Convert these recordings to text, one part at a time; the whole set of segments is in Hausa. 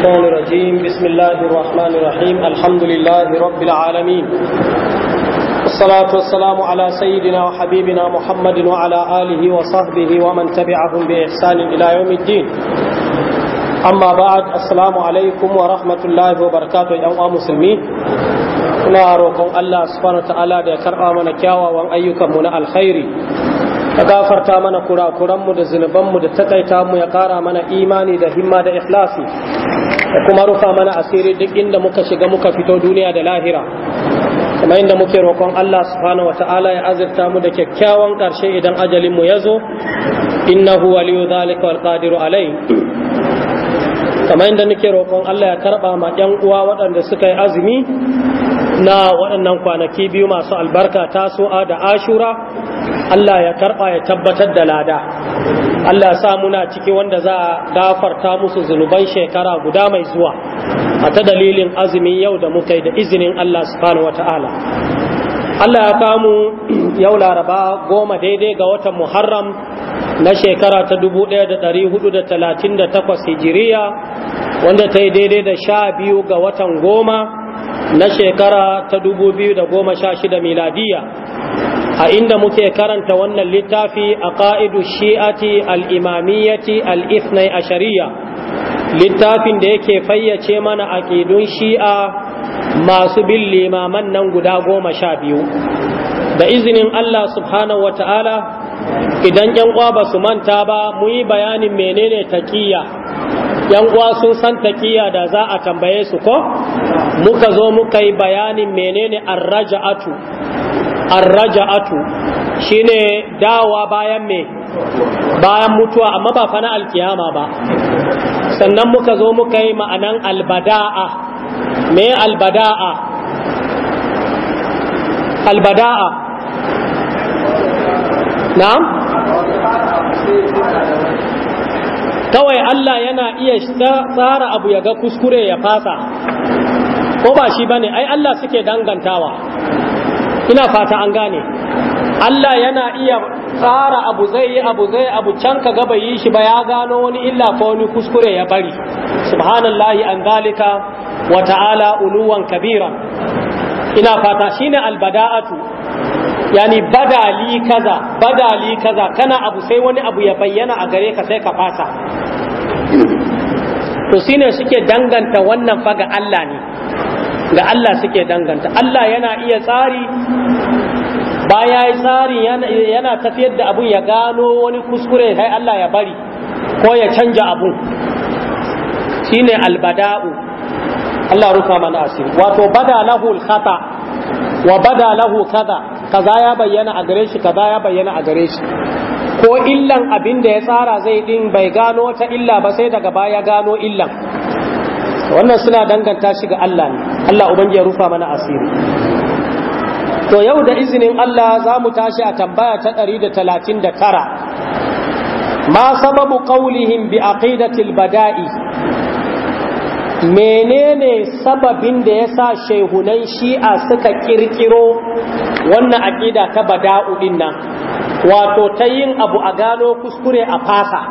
الشيطان الرجيم بسم الله الرحمن الرحيم الحمد لله رب العالمين والصلاة والسلام على سيدنا وحبيبنا محمد وعلى آله وصحبه ومن تبعهم بإحسان إلى يوم الدين أما بعد السلام عليكم ورحمة الله وبركاته يا مسلمين ina roƙon Allah subhanahu ta'ala da ya karɓa mana kyawawan ayyukanmu na alkhairi ka gafarta mana kurakuranmu da mu da takaita mu ya kara mana imani da himma da ikhlasi da kuma rufa mana asiri duk inda muka shiga muka fito duniya da lahira kuma inda muke roƙon Allah subhanahu wata'ala ya azirta mu da kyakkyawan ƙarshe idan ajalin mu ya zo innahu waliyu zalika wal qadiru alai kuma inda nake roƙon Allah ya karɓa ma ƴan uwa waɗanda suka yi azumi na waɗannan kwanaki biyu masu albarka tasu'a da ashura Allah ya karɓa ya tabbatar da lada Allah sa muna ciki wanda za a gafarta musu zunuban shekara guda mai zuwa a ta dalilin azumin yau da muka yi da izinin Allah subhanahu wata'ala Allah ya kamu yau laraba goma daidai ga watan Muharram na shekara ta da da da hudu talatin 1438 hijiriya wanda ta yi daidai da sha biyu ga watan goma na shekara ta 2016 miladiya a inda muke karanta wannan littafi a ƙa'idu shi'ati al'imamiyyati al'ifnai a shari'a littafin da yake fayyace mana a aƙidun shi'a masu bin limaman nan guda goma sha biyu da izinin Allah subhanahu wa ta'ala idan ‘yan uwa ba su manta ba mu yi bayanin menene taƙiyya ‘yan uwa sun san taƙiyya da za a tambaye su ko muka zo muka yi bayanin menene arraja'atu arraja'atu shine dawa bayan me bayan mutuwa amma ba fa na alkiyama ba sannan muka zo muka yi ma'anan albada'a me albada'a albada'a na'am kawai Allah yana iya tsara abu ya ga kuskure ya fasa ko ba shi bane ai Allah suke dangantawa ina fata an gane Allah yana iya tsara abu zai yi abu zai abu can ka gaba yi shi ba ya gano wani illa ko wani kuskure ya bari subhanallahi an zalika wa ta'ala uluwan kabira ina fata shine albada'atu yani badali kaza badali kaza kana abu sai wani abu ya bayyana a gare ka sai ka fasa to shine suke danganta wannan faga Allah ne ga Allah suke danganta Allah yana iya tsari baya ya tsari yana tafiyar da abun ya gano wani kuskure sai Allah ya bari ko ya canja abun shine albada'u Allah rufa mana asiri wato bada lahu khata wa bada lahu kaza kaza ya bayyana a gare shi kaza ya bayyana a gare shi ko illan abin da ya tsara zai din bai gano ta illa ba sai daga baya gano illan wannan suna danganta shi ga Allah ne Allah ubangi ya rufa mana asiri to yau da izinin Allah za mu tashi a tambaya ta 139 ma sababu qaulihim bi aqidatil bada'i menene sababin da yasa shehunan shi'a suka kirkiro wannan aqida ta bada'u din nan wato ta yin abu a gano kuskure a fasa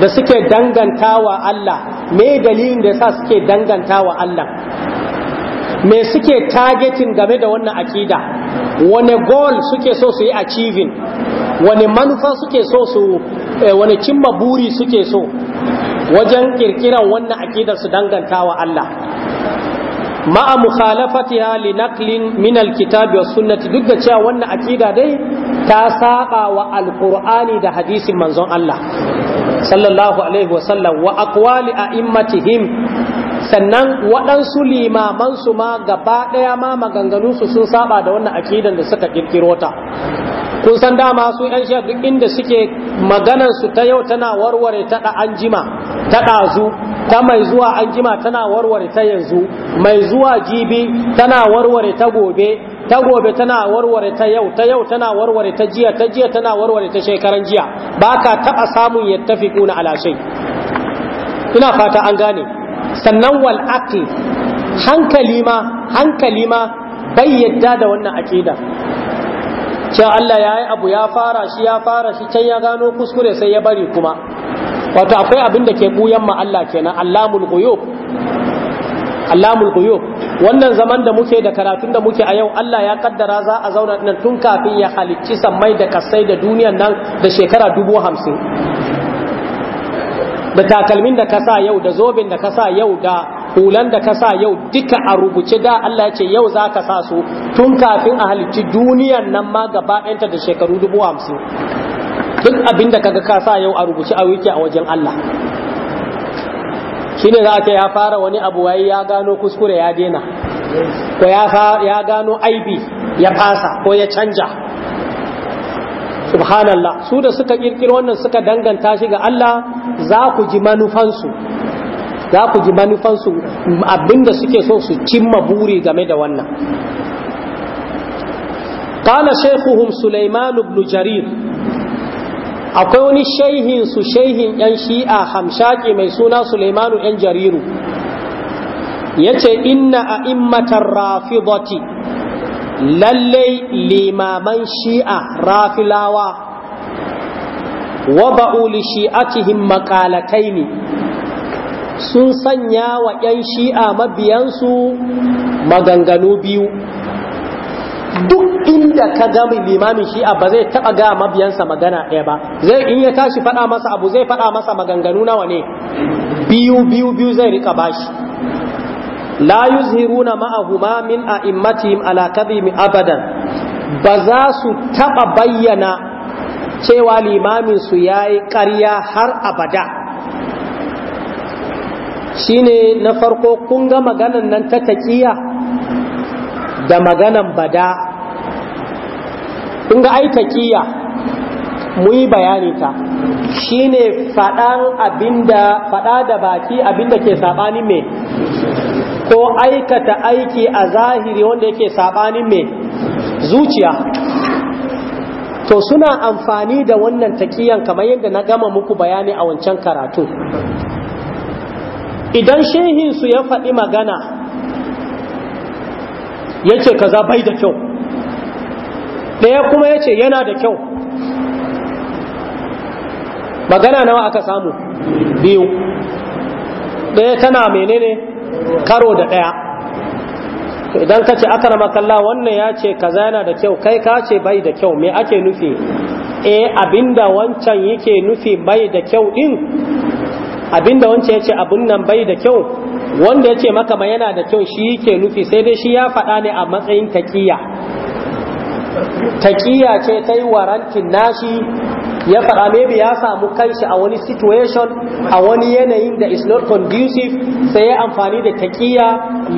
da suke dangantawa Allah me dalilin da sa suke danganta wa Allah me suke targetin game da wannan akida wane goal suke so su yi achieving wani manufa suke so su eh, wani cimma buri suke so wajen kirkiran wannan akidar su danganta wa Allah ma'a mukhalafatiha li naqlin min alkitabi was sunnati duk da cewa wannan akida dai ta saba wa alqur'ani da hadisin manzon Allah sallallahu alaihi wasallam wa aqwali a'immatihim sannan waɗansu limamansu ma gaba ɗaya ma su sun saba da wannan akidan da suka kirkiro ta kun san dama su yan sha duk inda suke maganarsu ta yau tana warware ta anjima ta ɗazu ta mai zuwa anjima tana warware ta yanzu mai zuwa jibi tana warware ta gobe ta gobe tana warware ta yau ta yau tana warware ta jiya ta jiya tana warware ta shekaran jiya baka ka taɓa samun ya tafi kuna alashai ina fata an gane sannan wal aqli hankali ma hankali ma bai yadda da wannan aƙida cewa Allah ya yi abu ya fara shi ya fara shi can ya gano kuskure sai ya bari kuma wato akwai abin da ke buyan ma Allah kenan allamul ghuyub allamul quyub wannan zaman da muke da karatun da muke a yau Allah ya kaddara za a zauna nan tun kafin ya halicci sammai da kasai da duniyan nan da shekara dubu da takalmin da kasa yau da zobin da kasa yau da hulan da kasa yau duka a rubuce da Allah ya ce yau za ka sa su tun kafin a halicci duniyar nan ma gaba ɗanta da shekaru dubu duk abin da kaga kasa yau a rubuce a wiki a wajen Allah shine za ce ya fara wani abu wai ya gano kuskure ya dena ko ya gano aibi ya fasa ko ya canja subhanallah su da suka kirkir wannan suka danganta shi ga Allah za ku ji manufansu za ku ji manufansu abinda suke so su cimma buri game da wannan قال شيخهم سليمان بن جرير akwai wani shaihin su shaihin yan shi'a hamshaƙi mai suna Suleimanu yan jariru ya ce inna rafi Boti, lallai limaman shi'a rafilawa waba'u li shi'atihim ne sun sanya wa yan shi'a mabiyansu maganganu biyu duk inda ka ga limamin shi'a ba zai taɓa ga mabiyansa magana ɗaya ba zai in ya tashi faɗa masa abu zai faɗa masa maganganu nawa ne biyu biyu biyu zai rika bashi la yuzhiruna ma'ahuma min a'immatihim ala kadhim abadan ba za su taɓa bayyana cewa limamin su yayi ƙarya har abada shine na farko kun ga maganan nan ta taƙiya da maganan bada kun ga ai taqiya mu yi bayani ta shine fadan abinda da baki abinda ke sabani me ko aikata aiki a zahiri wanda yake saɓani mai zuciya to suna amfani da wannan taqiyan kamar yadda na gama muku bayani a wancan karatu idan shehinsu ya faɗi magana ya ce kaza bai da kyau ɗaya kuma ya ce yana da kyau magana nawa aka samu biyu ɗaya tana menene karo da ɗaya idan ka ce aka rama kalla wannan ya ce kaza yana da kyau kai ka ce bai da kyau me ake nufi e eh, abinda wancan yake nufi bai da kyau din abinda wancan ya ce abun nan bai da kyau wanda ya ce maka ma yana da kyau shi yake nufi sai dai shi ya faɗa ne a matsayin taƙiya taƙiya ce ta yi warantin nashi ya faɗa maybe ya samu kanshi a wani situation a wani yanayin da is not conducive sai ya amfani da taƙiya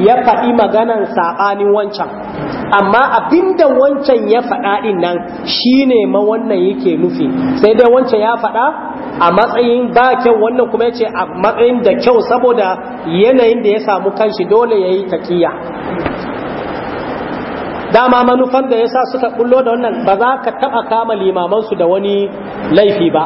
ya faɗi maganan saɓanin wancan amma abinda wancan ya faɗa ɗin nan shine ma wannan yake nufi sai dai wancan ya faɗa a matsayin ba kyau wannan kuma ya ce a matsayin da kyau saboda yanayin da ya samu kanshi dole ya yi taƙiya dama manufan da yasa suka bullo da wannan ba za ka taba kama limamansu da wani laifi ba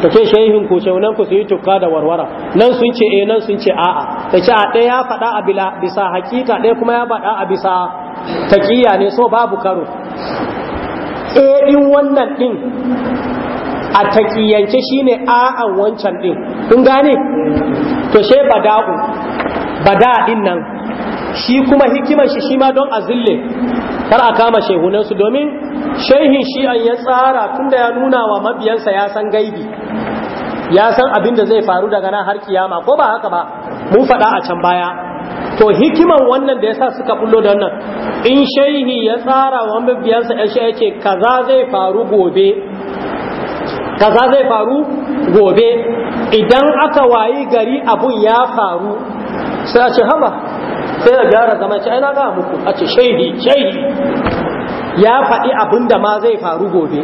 to ke shehin ku ce wannan ku su yi tukka da warwara nan sun ce eh nan sun ce a'a ta ce a ɗaya ya faɗa a bila bisa hakika ɗaya kuma ya faɗa a bisa taƙiyya ne so babu karo eh ɗin wannan ɗin a taƙiyyance shine a'an wancan ɗin kun gane to she bada'u bada ɗin nan shi kuma hikimar shi shi ma don a zille kar a kama shehunansu domin shehin shi'an ya tsara tunda ya nuna wa mabiyansa ya san gaibi ya san abin da zai faru daga nan har kiyama ko ba haka ba mun faɗa a can baya to hikimar wannan da yasa suka bullo da wannan in shehi ya tsara wa mabiyansa ya shi yake kaza zai faru gobe kaza zai faru gobe idan aka wayi gari abun ya faru sai a ce haba sai ya gyara zama ce na ga muku a ce shaidi shaidi ya faɗi abin da ma zai faru gobe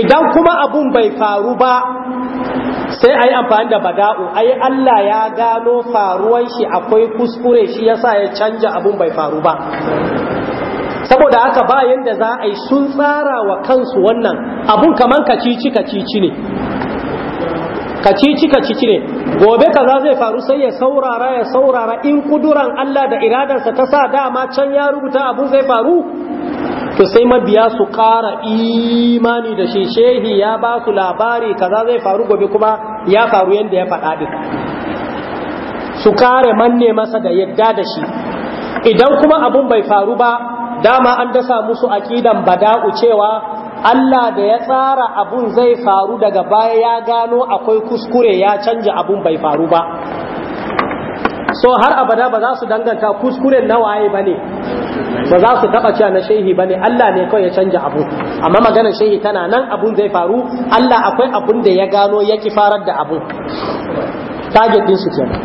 idan kuma abun bai faru ba sai a yi amfani da bada'u ai Allah ya gano faruwan shi akwai kuskure shi yasa ya canja abun bai faru ba saboda haka bayan da za a yi sun tsara wa kansu wannan abun kamar kacici kacici ne kacici kacici ne gobe kaza zai faru sai ya saurara ya saurara in kuduran Allah da iradarsa ta sa dama can ya rubuta abun zai faru to sai mabiya su ƙara imani da shi shehi ya ba su labari kaza zai faru gobe kuma ya faru yadda ya faɗa din su kare manne masa da yadda da shi idan kuma abun bai faru ba dama an dasa musu aƙidan bada'u cewa Allah da ya tsara abun zai faru daga baya ya gano akwai kuskure ya canja abun bai faru ba so har abada ba za su danganta kuskure na waye ba ne ba za su taba cewa na shehi ba ne Allah ne kawai ya canja abu amma maganar shehi tana nan abun zai faru Allah akwai abun da ya gano ya farar da abun target din su kenan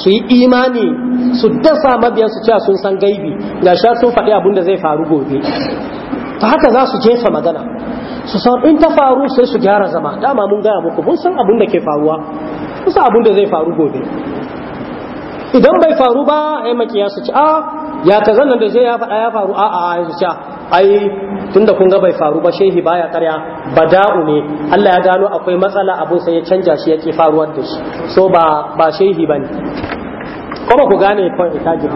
su yi imani su dasa mabiyansu cewa sun san gaibi ga sha sun faɗi abun da zai faru gobe ta haka za su jefa magana su san in ta faru sai su gyara zama dama mun gaya muku mun san abin da ke faruwa mun san abin da zai faru gobe idan bai faru ba ai makiya su ci a ya ta zannan da zai ya faɗa ya faru a a su ci ai tunda kun ga bai faru ba shehi baya karya bada'u ne Allah ya gano akwai matsala abun sai ya canja shi yake faruwar da shi so ba ba shehi bane kuma ku gane point ita ji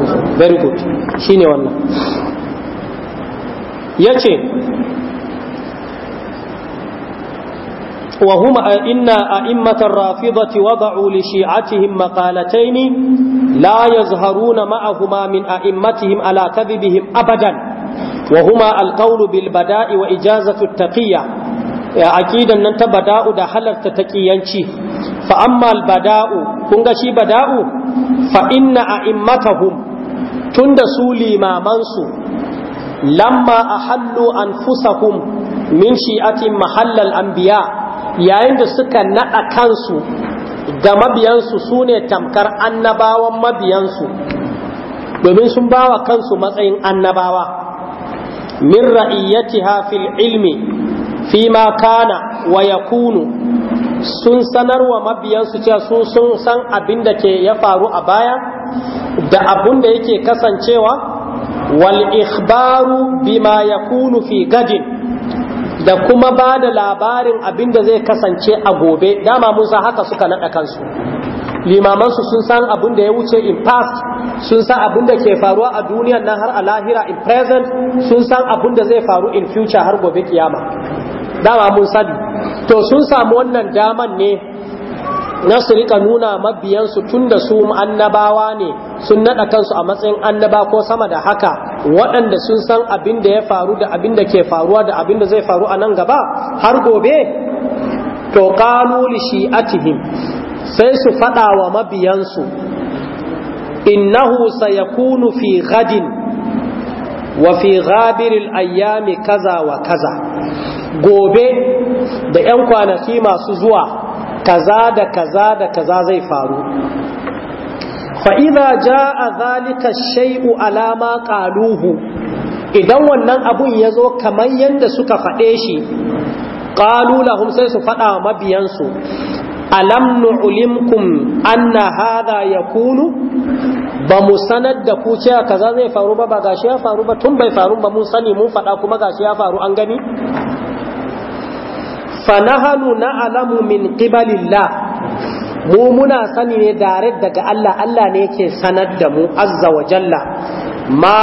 very good shine wannan ya ce وهم إن أئمة الرافضة وضعوا لشيعتهم مقالتين لا يظهرون معهما من أئمتهم على كذبهم أبدا وهما القول بالبداء وإجازة التقية أكيدا ننت بداء دحل تتقيانشي فأما البداء كنغشي بداء فإن أئمتهم تندسوا لما منسوا lamma ahallu anfusahum min shi'atin an anbiya yayin da suka naɗa kansu ga mabiyansu sune tamkar annabawan mabiyansu domin sun bawa kansu matsayin annabawa min ra'iyyatiha fil ilmi fima kana wa yakunu sun sanarwa mabiyansu cewa su sun san abin da ke ya faru a baya da abin da yake kasancewa wal ikhbaru bima في fi da kuma ba da labarin abin da zai kasance a gobe dama mun san haka suka naɗa kansu limamansu sun san abin da ya wuce in past sun san abin da ke faruwa a duniya nan har a lahira in present sun san abin da zai faru in future har gobe kiyama dama mun sani to sun samu wannan daman ne na su rika nuna mabiyansu tun da su annabawa ne sun naɗa kansu a matsayin annaba ko sama da haka waɗanda sun san abin da ya faru da abin da ke faruwa da abin da zai faru a nan gaba har gobe to kanu li shi'atihim sai su faɗa wa mabiyansu innahu sayakunu fi ghadin wa fi ghabiril ayyami kaza wa kaza gobe da 'yan kwanaki masu zuwa kaza da kaza da kaza zai faru fa'iza ja a zalika shai'u alama ƙaluhu idan wannan abun ya zo kamar yadda suka faɗe shi ƙalulahun sai su faɗa wa mabiyansu alam nu'limkum anna hadha yakunu ba mu sanar da ku cewa kaza zai faru ba ba gashi ya faru ba tun bai faru ba mun sani mun faɗa kuma gashi ya faru an gani fanahanu na alamu min qibalillah mu muna sani ne dare daga Allah Allah ne yake sanar da mu azza wa jalla ma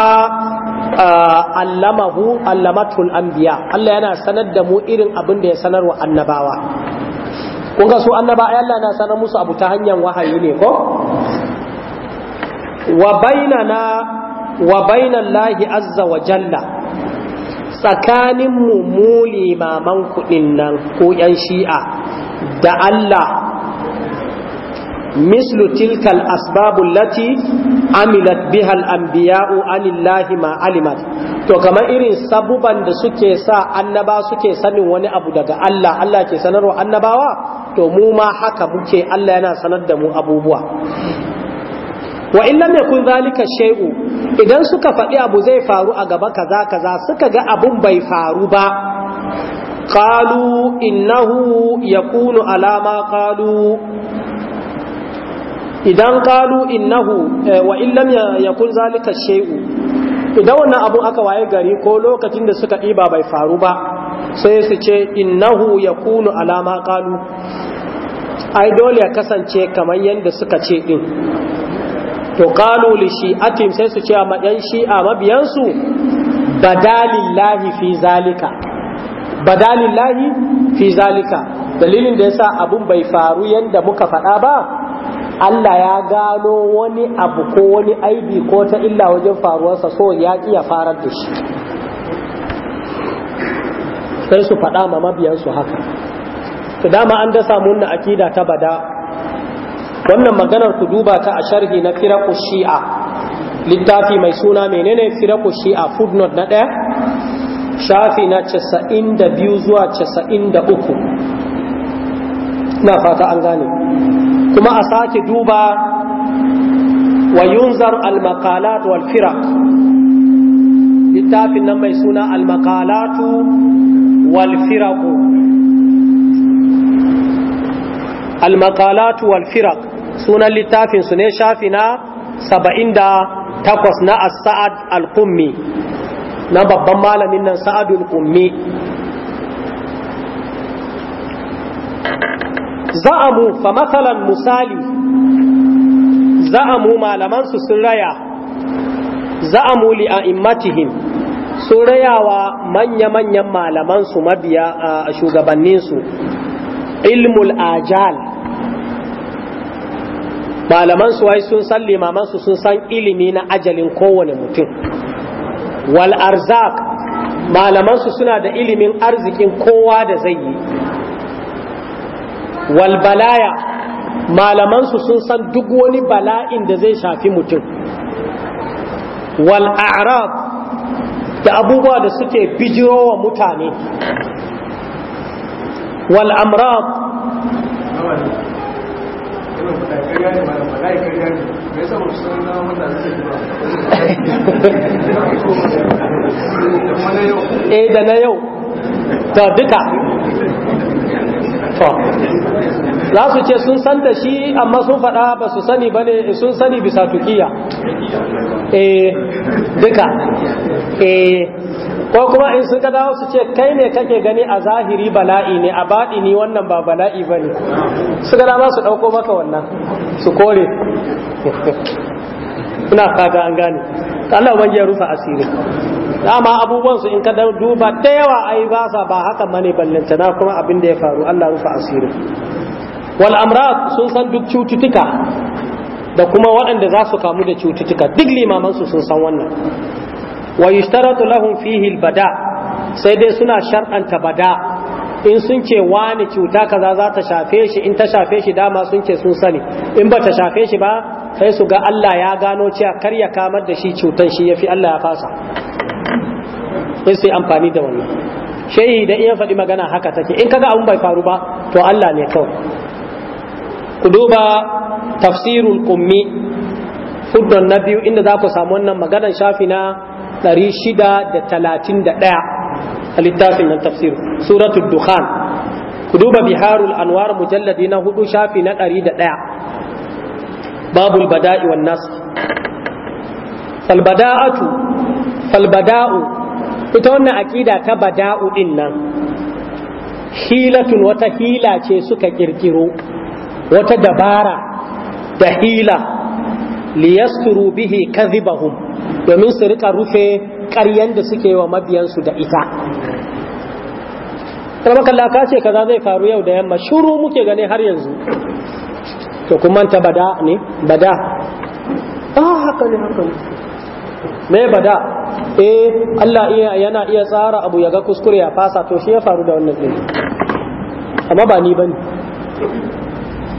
allamahu allamatul anbiya Allah yana sanar da mu irin abin da ya sanarwa annabawa kun ga su annaba Allah na sanar musu abu ta hanyar wahayi ne ko wa bainana wa bainan lahi azza wa jalla tsakanin mu maman kudin nan ko yan shi'a da Allah mislu tilkal asbabu lati amilat bihal anbiya'u anillahi ma alimat to kamar irin sabuban da suke sa annaba suke sanin wani abu daga Allah Allah ke sanarwa annabawa to mu ma haka muke Allah yana sanar da mu abubuwa wa in lam yakun zalika shay'u idan suka faɗi abu zai faru a gaba kaza kaza suka ga abun bai faru ba qalu innahu yakunu alama qalu idan qalu innahu eh, wa in lam yakun zalika shay'u idan wannan abun aka waye gari ko lokacin da suka ɗiba bai faru ba sai su ce innahu yakunu alama qalu ai dole ya kasance kamar yadda suka ce din to qalu li shi'atim sai su ce ma yan shi'a mabiyansu badalillahi fi zalika badalillahi fi zalika dalilin da yasa abun bai faru yadda muka faɗa ba Allah ya gano wani abu ko wani aibi ko ta illa wajen faruwarsa so ya ƙi ya farar da shi sai su faɗa ma mabiyansu haka To dama an dasa munna akida ta bada wannan maganar ku duba ta a sharhi na firaku shi'a littafi mai suna menene firaku shi'a footnote na ɗaya shafi na casa'in da biyu zuwa casa'in da uku na fata an gane kuma a sake duba wa yunzar al-maqalat wal firaq littafin nan mai suna al-maqalatu wal firaq al-maqalatu wal firaq sunan littafin su ne shafi na saba'in da takwas na saad al kummi na babban malamin nan sa'ad al-qummi za'amu fa masalan misali za'amu malaman su sun raya za'amu li a'immatihim sun rayawa manya-manyan malamansu mabiya a shugabanninsu ilmul ajal malaman su wai sun san limaman su sun san ilimi na ajalin kowane mutum wal arzak malaman su suna da ilimin arzikin kowa da zai yi wal balaya malaman su sun san duk wani bala'in da zai shafi mutum wal a'rab da abubuwa da suke bijirowa mutane wal amrad eh da na yau ta duka za su ce sun san da shi amma sun faɗa ba su sani ba ne sun sani bisa tukiya eh duka eh ko kuma in ka dawo su ce kai ne kake gani a zahiri bala'i ne a baɗi ni wannan ba bala'i ba ne Su suka dama su ɗauko maka wannan su kore ina kaga an gane Allah ban ya rufa asiri dama abubuwan su in ka duba da yawa ai ba sa ba haka bane na kuma abin da ya faru Allah rufa asiri Wal'amra sun san duk cututtuka da kuma waɗanda za su kamu da cututtuka duk limamansu su sun san wannan wa yushtaratu lahum fihi albada sai dai suna shar'anta bada in sun ce wani cuta kaza za ta shafe shi in ta shafe shi dama sun ce sun sani in ba ta shafe shi ba sai su ga Allah ya gano cewa kar ya kamar da shi cutan shi yafi Allah ya fasa sai sai amfani da wannan shehi da iya faɗi magana haka take in kaga abun bai faru ba to Allah ne kawai ku duba tafsirul qummi fuddon na biyu inda za ku samu wannan maganar shafi na 631 a littafin nan tafsir suratul dukhan ku duba biharul anwar mujalladi na hudu shafi na 101 babul bada'i wan nas falbada'atu falbada'u ita wannan akida ta bada'u din nan hilatun wata hila ce suka kirkiro wata dabara da hila liyasturu bihi kadhibahum domin su rika rufe ƙaryan da suke wa mabiyansu da ita kuma kalla ka ce kaza zai faru yau da yamma shuru muke gane har yanzu to kuma ta bada ne bada ba haka ne haka ne me bada eh Allah iya yana iya tsara abu ya ga kuskure ya fasa to shi ya faru da wannan din amma ba ni bane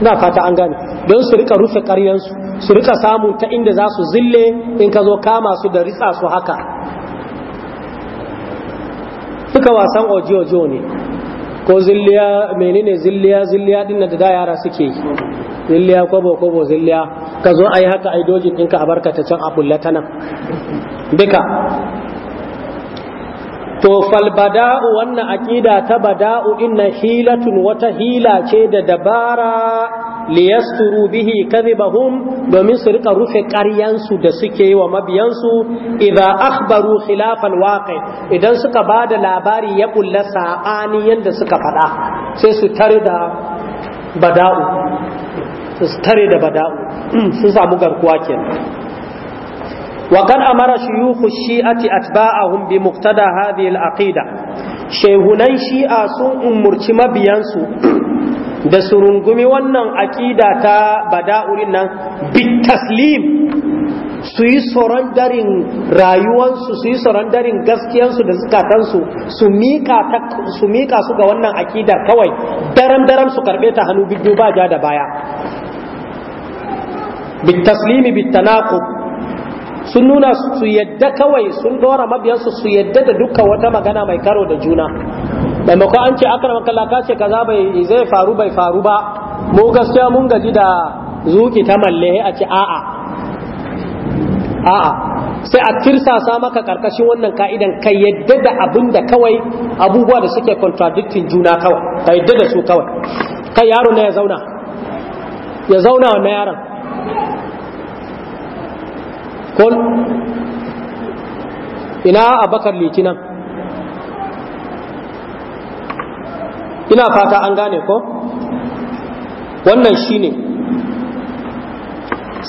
ina fata an gane don su rika rufe ƙaryansu su rika samu ta inda za su zille in ka zo kama su da ritsa su haka Suka wasan ojiyojo ne ko zilliya menene zilliya zilliya din da da yara suke yi zilliya kobo kobo zilliya ka zo ai haka ai dojin ɗinka a barka ta can a bulla nan duka to falbada'u wannan aƙida ta bada'u inna hilatun wata hila ce da dabara liyasturu bihi kadhibahum domin su rika rufe ƙaryansu da suke yi wa mabiyansu idza akhbaru khilafal waqi idan suka bada labari ya kulla sabani yanda suka faɗa sai su tare da bada'u su tare da bada'u sun samu garkuwa kenan وقد أمر شيوخ الشيعة أتباعهم بمقتدى هذه العقيدة شيخنا الشيعة سوء مرشما بيانسو da su rungumi wannan aƙida ta bada'urin nan bitaslim su yi darin rayuwansu su yi darin gaskiyansu da zukatansu su mika su ga wannan aƙidar kawai daram-daram su karɓe ta hannu biyu ba ja da baya bitaslimi bitanaqub sun nuna su yadda kawai sun dora mabiyansu su yadda da dukkan wata magana mai karo da juna maimako an ce aka makalla ka ce kaza bai zai faru bai faru ba mu gaskiya mun gaji da zuki ta malle a ce a'a a'a sai a tirsasa maka karkashin wannan ka'idan ka yadda da abin da kawai abubuwa da suke contradicting juna kawai ka yadda da su kawai kai yaro na ya zauna ya zauna wannan yaron kol ina bakar litinan ina fata an gane ko wannan shi ne.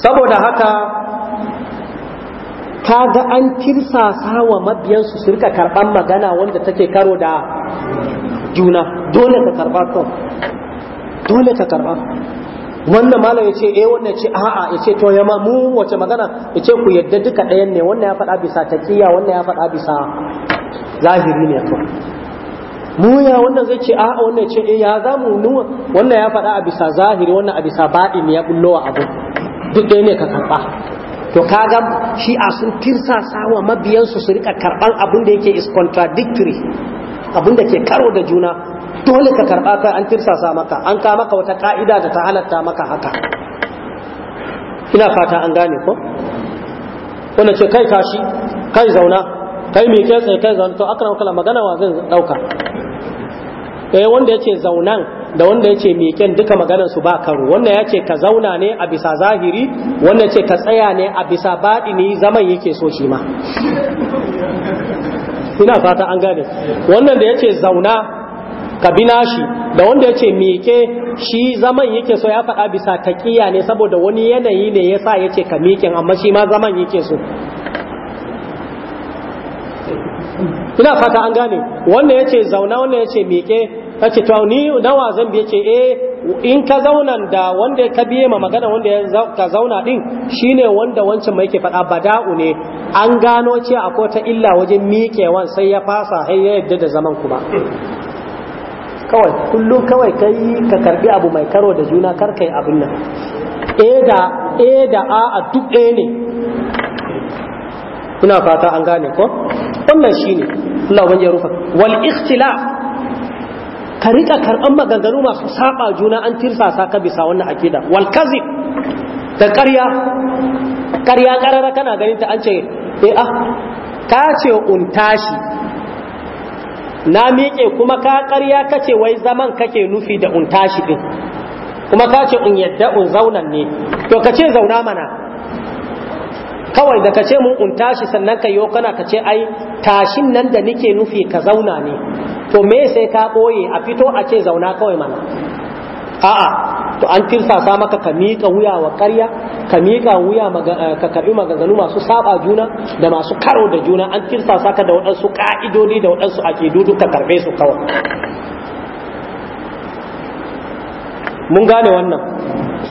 saboda haka ga an tirsasa wa mabiyansu su rika karɓar magana wanda take karo da juna dole ka karɓa to dole ka karɓa wannan malam ya ce eh wannan ce a'a ya ce to ya ma mu wace magana ya ce ku yadda duka ɗayan ne wannan ya faɗa bisa taqiya wannan ya faɗa bisa zahiri ne to mu ya wannan zai ce a'a wannan ce eh ya za mu nu wannan ya faɗa a bisa zahiri wannan a bisa baɗi ne ya bullo abu duk ɗaya ne ka karɓa to kaga shi a sun tirsa sawa mabiyansu su rika karɓan abin da yake is contradictory abin da ke karo da juna dole ka karɓa ka an tirsasa maka an ka maka wata ka'ida da ta halatta maka haka ina fata an gane ko wanda ce kai kashi kai zauna kai mi kai tsaye kai zauna to akan kala magana wa zan dauka eh wanda yace zaunan da wanda yace miƙen duka maganar su ba karo wanda yace ka zauna ne a bisa zahiri wanda yace ka tsaya ne a bisa baɗini zaman yake so shi ma ina fata an gane wannan da yace zauna ka bi nashi da wanda ya ce miƙe shi zaman yake so ya faɗa bisa taƙiya ne saboda wani yanayi ne ya sa ya ce ka mikin amma shi ma zaman yake so ina fata an gane wanda ya ce zauna wanda ya ce miƙe ta ce tauni ni nawa zan biya ce e in ka zauna da wanda ka biye ma magana wanda ka zauna din shine wanda wancan mai ke faɗa bada'u ne an gano ce akwai ta illa wajen miƙewan sai ya fasa har yadda da zaman kuma kawai kullum kawai kai ka karbi abu mai karo da juna kar abin nan a da a da a a duk ɗaya ne Kuna fata an gane ko wannan shine Allah wani ya rufa wal ikhtila ka rika karɓar maganganu masu saba juna an tirsasa ka bisa wannan akida wal kazib da ƙarya ƙarya ƙarara kana ganin ta an ce eh ah ka ce untashi na miƙe kuma ka ƙarya kace wai zaman kake nufi da un tashi din kuma ka ce un yadda un zaunan ne to ka ce zauna mana kawai da ka ce mun un tashi sannan ka yi kana ka ce ai tashin nan da nike nufi ka zauna ne to me sai ka ɓoye a fito a ce zauna kawai mana a'a to an tirsasa maka ka miƙa wuya wa ƙarya ka miƙa wuya eh, ka karɓi maganganu masu saba juna da masu karo da juna an tirsasa ka da waɗansu ƙa'idodi da waɗansu dudu ka karɓe su kawai mun gane wannan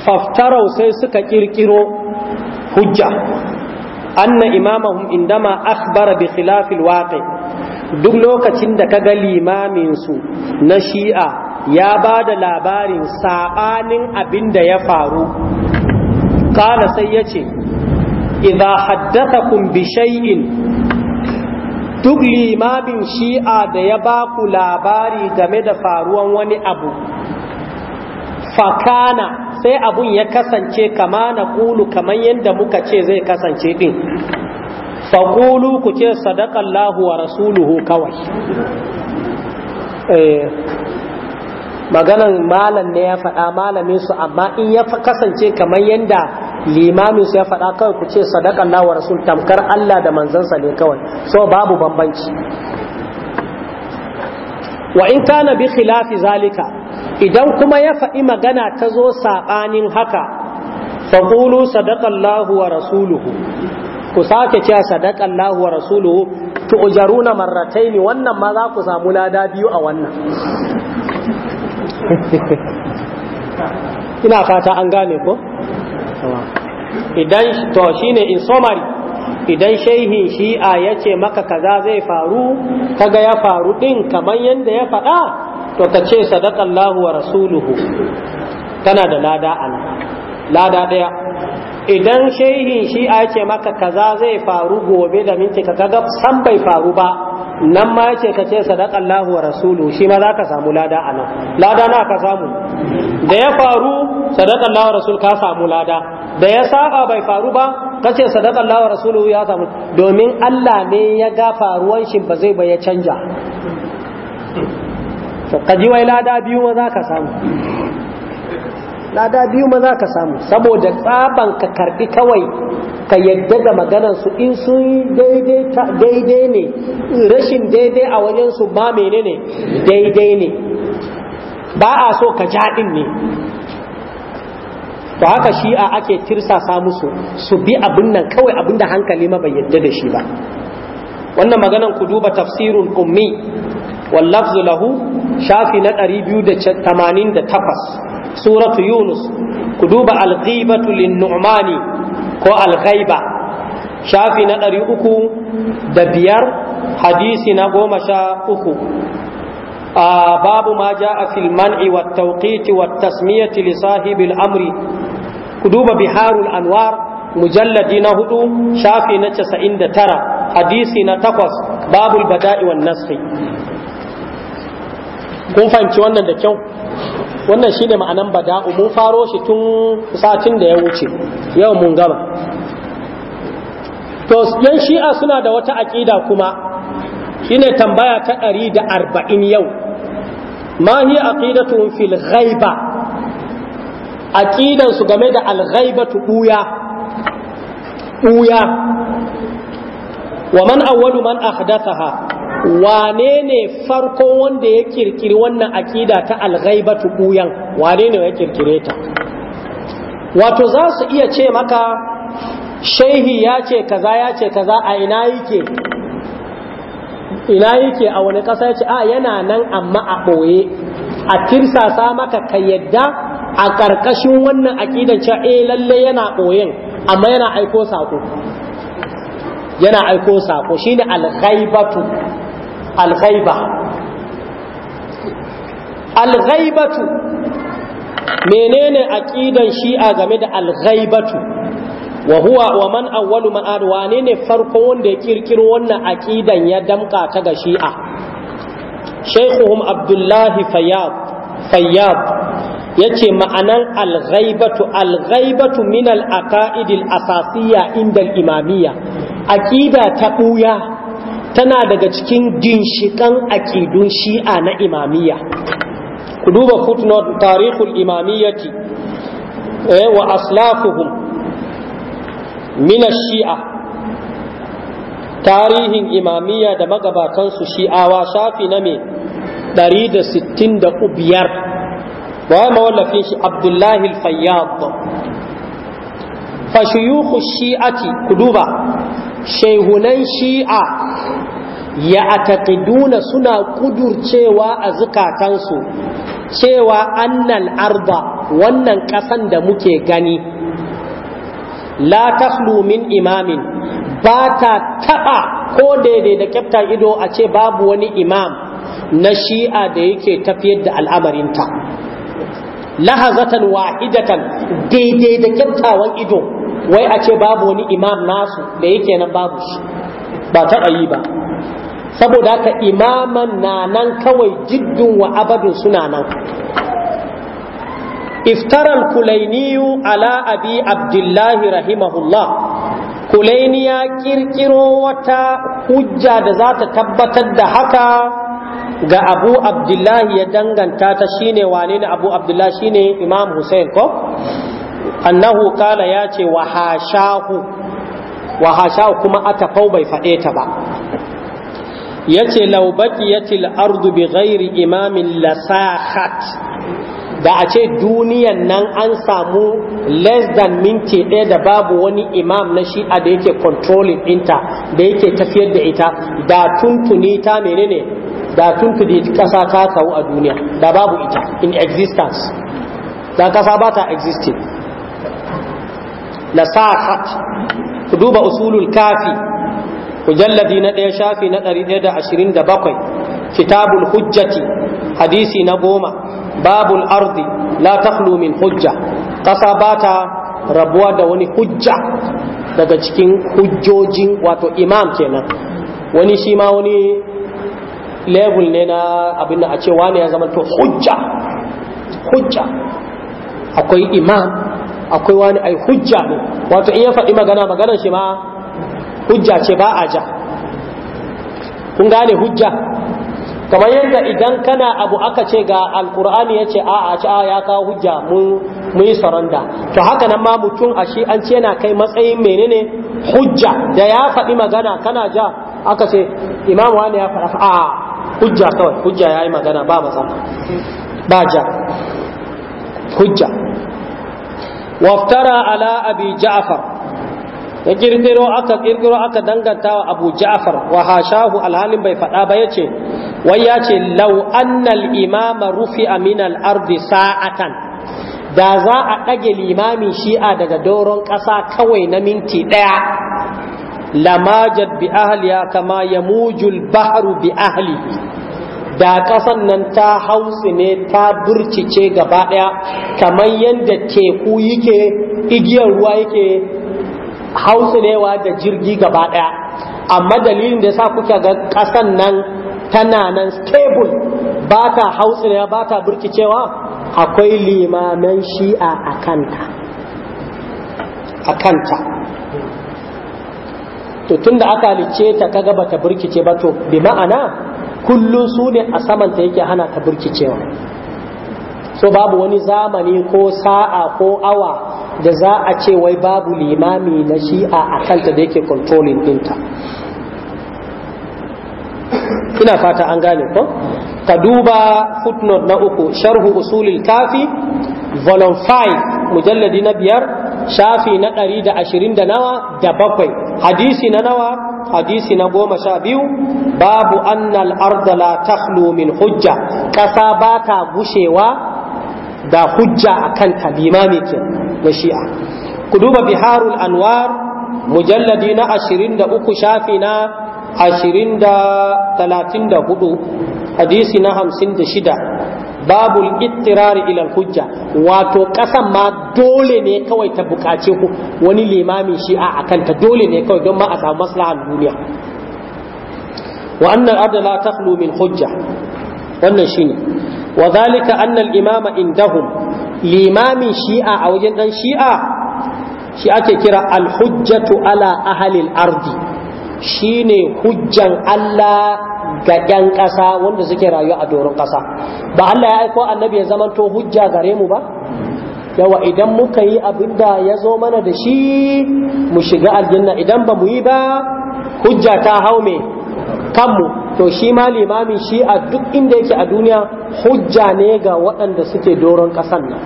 faftarau sai suka ƙirƙiro hujja an anna imamahum indama akhbara bi khilafil waqi duk lokacin da ka ga limaminsu na shi'a ya ba da labarin saɓanin abin da ya faru kala sai ya ce idha haddathakum bi shay'in duk limamin shi'a da ya ba ku labari game da faruwan wani abu fakana sai abun ya kasance kama na kulu kamar yadda muka ce zai kasance din Kulu ku ce sadaƙallahu wa rasuluhu kawai eh, maganan malam ne ya faɗa malamin su amma in ya kasance kamar yadda limamin su ya faɗa kawai ku ce sadaka Allah wa rasul tamkar Allah da manzansa ne kawai so babu bambanci wa in kana bi khilafi zalika idan kuma ya faɗi magana ta zo saɓanin haka faƙulu sadaka Allah wa rasuluhu ku sake cewa sadaka Allah wa rasuluhu tu tu'jaruna marrataini wannan ma za ku samu lada biyu a wannan ina fata an gane ko idan to shine in somari idan shehin shi'a ya ce maka kaza zai faru kaga ya faru din kamar yadda ya faɗa to ka ce sadaqallahu wa rasuluhu tana da lada ana lada ɗaya idan shehin shi ake maka kaza zai faru gobe da minti ka kaga san bai faru ba nan ma yake ka ce sadaqallahu wa rasulu shi ma zaka samu lada anan lada na ka samu da ya faru sadaqallahu wa rasul ka samu lada da ya saba bai faru ba kace sadaqallahu wa rasulu ya samu domin Allah ne ya ga faruwan shi ba zai ba ya canja to ji wai lada biyu ma zaka samu lada biyu ma za ka samu saboda tsaban ka karbi kawai ka yadda da maganansu in sun daidai ne rashin daidai a wajensu ba menene daidai ne ba a so ka jaɗin ne to haka shi a ake tirsasa musu su bi abin nan kawai abin da hankali ma bai yadda da shi ba wannan maganan ku duba tafsirun ummi wallafzu lahu shafi na 288 suratu yunus ku duba alghibatu lin-nu'mani ko alghaiba shafi na ɗari uku da biyar hadisi na goma sha uku a babu ma ja a man'i wat tawqiti wa tasmiyati li sahibil amri ku duba biharul anwar mujalladi na hudu shafi na casa'in da tara hadisi na takwas babul bada'i wan nasri kun fahimci wannan da kyau wannan shine ma'anan bada'u mun faro shi tun satin da ya wuce yau mun gama to yan shi'a suna da wata aƙida kuma shine tambaya ta ɗari da arba'in yau ma hiya aqidatuhum fil ghaiba aqidan su game da al ghaibatu uya uya wa man awwalu man ahdathaha wane ne farko wanda ya kirkiri wannan akida ta alghaibatu buyan wane ne ya kirkire ta wato za su iya ce maka shehi ya ce kaza ya ce kaza a ina yake ina yake a wani ƙasa ya ce a yana nan amma a ɓoye a tirsasa maka ka yadda a ƙarƙashin wannan akidan cewa eh lalle yana ɓoyen, amma yana aiko saƙo yana aiko saƙo shine alghaibatu alghaiba alghaibatu menene aqidan shi'a game da alghaibatu wa huwa wa man awwalu man wane ne farko wanda ya kirkiro wannan aqidan ya damka ta ga shi'a shaykhuhum abdullahi fayyad fayyad yace ma'anan alghaibatu alghaibatu min al-aqaid asasiyya inda al-imamiyya aqida ta buya tana daga cikin ginshikan aƙidun shi'a na imamiyya ku duba footnote tarihul imamiyyati eh, wa aslafuhum min shia tarihin imamiyya da magabatansu shi'awa shafi na me 160 biyar wa mawallafin shi abdullahi al-fayyad fa shuyukhu shi'ati ku duba shehunan shi'a ya ataƙiduna suna ƙudurcewa a zukatansu cewa annan arba wannan ƙasan da muke gani la taslu min imamin ba ta taɓa ko daidai da kyafta ido a ce babu wani imam na shi'a da yake tafiyar da al'amarinta lahazatan wahidatan daidai da kyaftawan ido wai a ce babu wani imam nasu da yake nan babu shi ba ta yi ba saboda haka imaman na nan kawai jiddun wa abadin suna nan iftaral kulainiyu ala abi abdullahi rahimahullah kulaini ya kirkiro wata hujja da za ta tabbatar da haka ga abu abdullahi ya danganta ta shine wane ne abu abdullahi shine imam hussein ko annahu kala ya ce wa hashahu wa hashahu kuma atafau bai faɗe ta ba ya ce laubakiyatil ardu bi ghairi imamin lasahat da a ce duniyan nan an samu less than minti ɗaya da babu wani imam na shi'a da yake controlling ɗinta da yake tafiyar da ita da tuntuni ta menene da tuntuni kasa ta kawo a duniya da babu ita in existence da kasa ba ta existing la saqat ku duba usulul kafi mujalladi na ɗaya shafi na ɗari ɗaya da ashirin da bakwai kitabul hujjati hadisi na goma babul arzi. la takhlu min hujja kasa ba ta rabuwa da wani hujja daga cikin hujjojin wato imam kenan wani shi ma wani level ne na abin da a ce wani ya zama to hujja hujja akwai imam akwai wani ai hujja ne wato in ya faɗi magana maganar shi ma hujja ce ba a ja kun gane hujja kamar yadda idan kana abu aka ce ga alkur'ani ya ce a a ce a ya kawo hujja mun yi saranda to haka nan ma mutum a shi an ce yana kai matsayin menene hujja da ya faɗi magana kana ja aka ce imam wani ya faɗa a hujja kawai hujja ya yi magana ba matsala ba ja hujja waftara ala abi ja'far ya kirkiro aka kirkiro aka danganta wa abu ja'far wa hashahu alhalin bai faɗa ba yace wai yace law annal imama rufi'a min al ardi sa'atan da za a ɗage limamin shi'a daga doron ƙasa kawai na minti ɗaya lamajad bi ahliya kama yamujul bahru bi ahlihi da ƙasan nan ta hausu ne ta birkice gaba ɗaya kamar yadda teku yake igiyar ruwa yake hausinewa da jirgi gaba ɗaya amma dalilin da sa kuke ga ƙasan nan tana nan stable ba ta ne ba ta burkicewa akwai limanan shi'a a kanta a kanta to tun da aka halice ta kaga ta burkice ba to bi ma'ana kullum su ne a samanta yake hana ta birkicewa so babu wani zamani ko sa'a ko awa da za a ce wai babu limami na shi'a a kanta da yake kontrolin dinta ina fata an gane ko ka duba footnote na uku sharhu usulil kafi volume 5 mujalladi na biyar shafi na ɗari da ashirin da nawa da bakwai hadisi na nawa hadisi na goma sha biyu babu annal arda la takhlu min hujja kasa ba ta gushewa da hujja akan ta limami ke na shi'a ku duba biharul anwar mujalladi na ashirin da uku shafi na ashirin da talatin da hudu hadisi na hamsin da shida babul ittirari ilal hujja wato kasan ma dole ne kawai ta bukace ku wani limamin shi'a a kanta dole ne kawai don ma a samu maslahan duniya wa annal arda la min hujja wannan shine wa zalika annal imama indahum limamin shi'a a wajen dan shi'a shi ake kira al hujjatu ala ahli al ardi shine hujjan Allah ga ƴan ƙasa wanda suke rayuwa a doron ƙasa ba Allah ya aiko annabi ya to hujja gare mu ba yawa idan muka yi abin da ya zo mana da shi mu shiga aljanna idan ba mu yi ba hujja ta hau me kanmu to shi ma limamin shi a duk inda yake a duniya hujja ne ga waɗanda suke doron ƙasan nan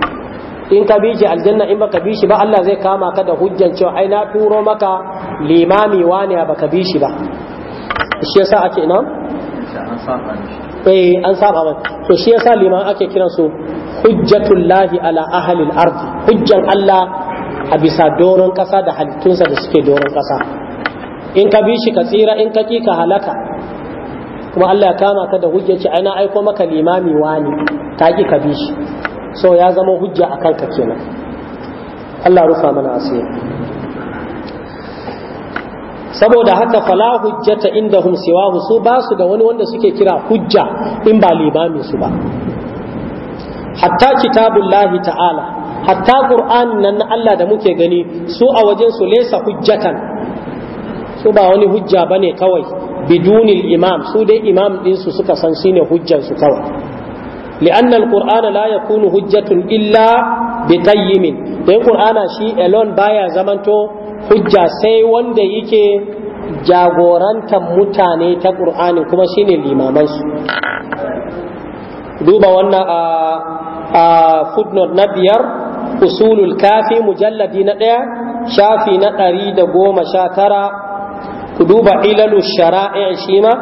in ka bi shi aljanna in baka bi shi ba Allah zai kama ka da hujjan cewa ai na turo maka limami wani ba ka bi shi ba shi yasa ake nan eh an saba mai to shi yasa liman ake kiran su lahi ala ahlil ard hujjan Allah a bisa doron kasa da halittunsa da suke doron kasa in ka bi shi ka tsira in ka ka halaka kuma Allah ya kama ka da hujja ci aina aiko maka limami wani ta ki ka bi shi so ya zama hujja akan ka kenan Allah rufa mana asiri saboda haka fala hujjata inda siwahu su ba su da wani wanda suke kira hujja in ba limamin su ba hatta kitabullahi ta'ala hatta qur'an nan Allah da muke gani su a wajen su lesa hujjatan su ba wani hujja bane kawai bidunil imam su dai imam din su suka san shine hujjan su kawai لأن القرآن لا يكون hujjatun illa بقيم dan qur'ana shi elon baya zamanto hujja sai wanda yake jagorantar mutane ta ƙur'ani kuma shine limamansu duba wannan a footnote na biyar usulul kafi mujalladi na ɗaya shafi na ɗari da goma sha tara ku duba ilalu shara'i shi ma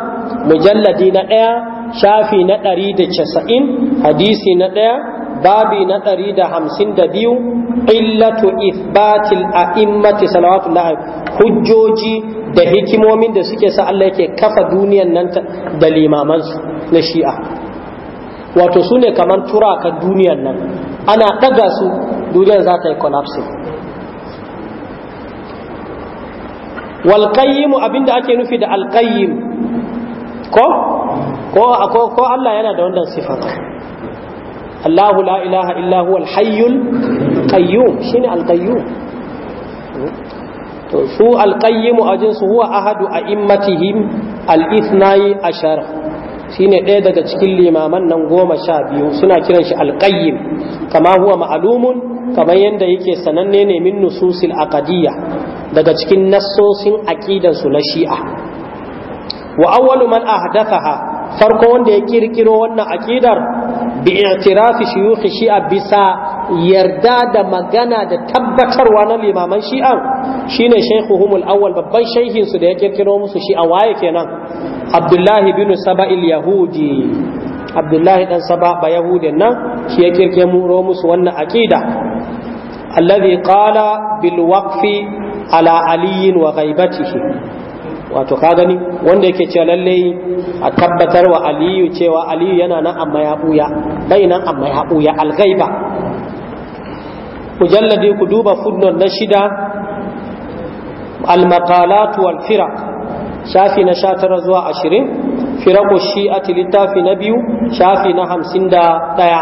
mujalladi na ɗaya shafi na ɗari da casa'in hadisi na ɗaya babi na ɗari da hamsin da biyu illatu ifbatil a'immati na hujjoji da hikimomin da suke sa Allah yake kafa duniyan nan da limamansu na shi'a wato su ne kamar turakan duniyan nan ana ɗaga su duniyar za ta yi collapsing walƙayyimu abinda ake nufi da alƙayyim ko ko Allah yana da wannan sifata Allahu la ilaha illa huwa al-hayyul qayyum shine al su al-qayyim ajin su huwa ahadu a'immatihim al-ithnai ashar shine ɗaya daga cikin limaman nan goma sha biyu suna kiran shi al-qayyim kama huwa ma'lumun kamar yanda yake sananne ne min nususil aqdiyya daga cikin nassosin aqidan su na shi'a wa awwalu man ahdathaha farko wanda ya kirkiro wannan aqidar bi i'tirafi shuyukh shi'a bisa yarda da magana da tabbatarwa na limaman shi'an shine shaykhuhum al babban shaykhin su da ya kirkiro musu shi'a waye kenan Abdullahi bin Saba'il Yahudi Abdullahi dan Saba ba nan shi ya kirkiro musu wannan aqida alladhi qala bil waqfi ala aliyin wa wato ka gani wanda yake cewa lallai a tabbatar wa aliyu cewa aliyu yana nan amma ya ɓuya bai nan amma ya ɓuya algaiba ku jalladi ku duba fudnon na shida almakalatu wal shafi na sha tara zuwa ashirin firaku shi a tilittafi na biyu shafi na hamsin da ɗaya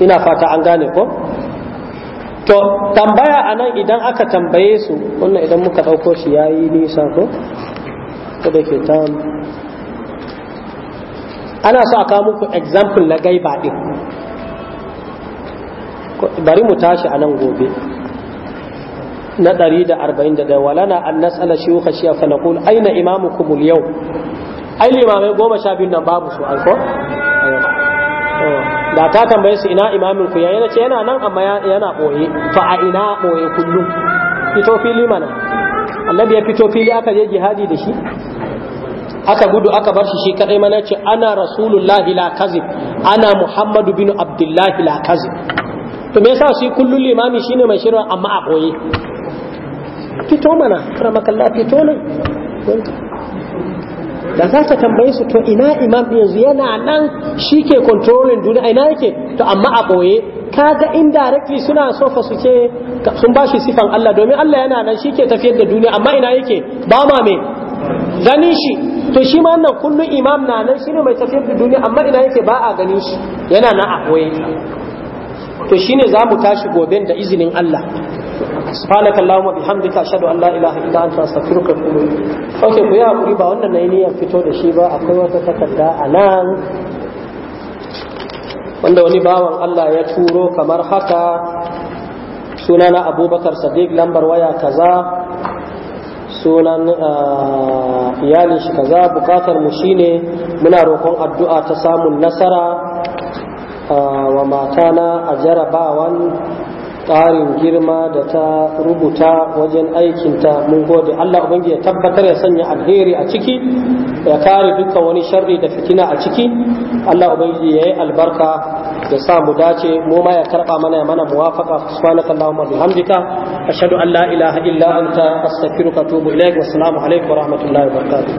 ina fata an gane ko to tambaya a nan idan aka tambaye su wannan idan muka ɗauko shi ya yi nisa ko da ke ta ana so a kawo muku example na gaiba ɗin bari mu tashi a nan gobe na 141 walana an nas'ala shuyukha shi fa naqul aina imamukum al-yawm ai limamai goma sha biyu nan babu su an ko da ta tambaye su ina imamin ku yana ce yana nan amma yana boye fa a ina boye kullum fito fili mana annabi ya fito fili aka je jihadi da shi aka gudu aka bar shi shi kadai mana ce ana rasulullahi la kazib ana muhammadu bin abdullahi la kazib to me yasa shi kullun limami shine mai shirin amma a boye fito mana karamakalla fito ne? da za ta tambaye su to ina imam yanzu yana nan shi ke kontrolin duniya ina yake to amma a ɓoye kaga indirectly suna so fa su ce sun bashi sifan Allah domin Allah yana nan shi ke tafiyar da duniya amma ina yake ba ma me ganin shi to shi ma wannan kullum imam na nan shi ne mai tafiyar da duniya amma ina yake ba a ganin shi yana nan a ɓoye to shine za mu tashi goben da izinin Allah subhanak allahumma bihamdika ashhadu an la ilaha illa anta astaghfiruka wa atubu okay ku yi hakuri ba wannan nayi niyyar fito da shi ba akwai wata takarda a nan wanda wani bawan Allah ya turo kamar haka sunana abubakar sadiq lambar waya kaza sunan iyalin shi kaza bukatar mu shine muna roƙon addu'a ta samun nasara wa matana a jarabawan ƙarin girma da ta rubuta wajen aikinta mun gode Allah ubangi ya tabbatar ya sanya alheri a ciki ya kare dukkan wani sharri da fitina a ciki Allah ubangi ya yi albarka ya sa mu dace mu ma ya karba mana ya mana muwafaqa subhanaka allahumma bihamdika ashhadu an la ilaha illa anta astaghfiruka wa atubu ilaik wa assalamu alaikum wa rahmatullahi wa barakatuh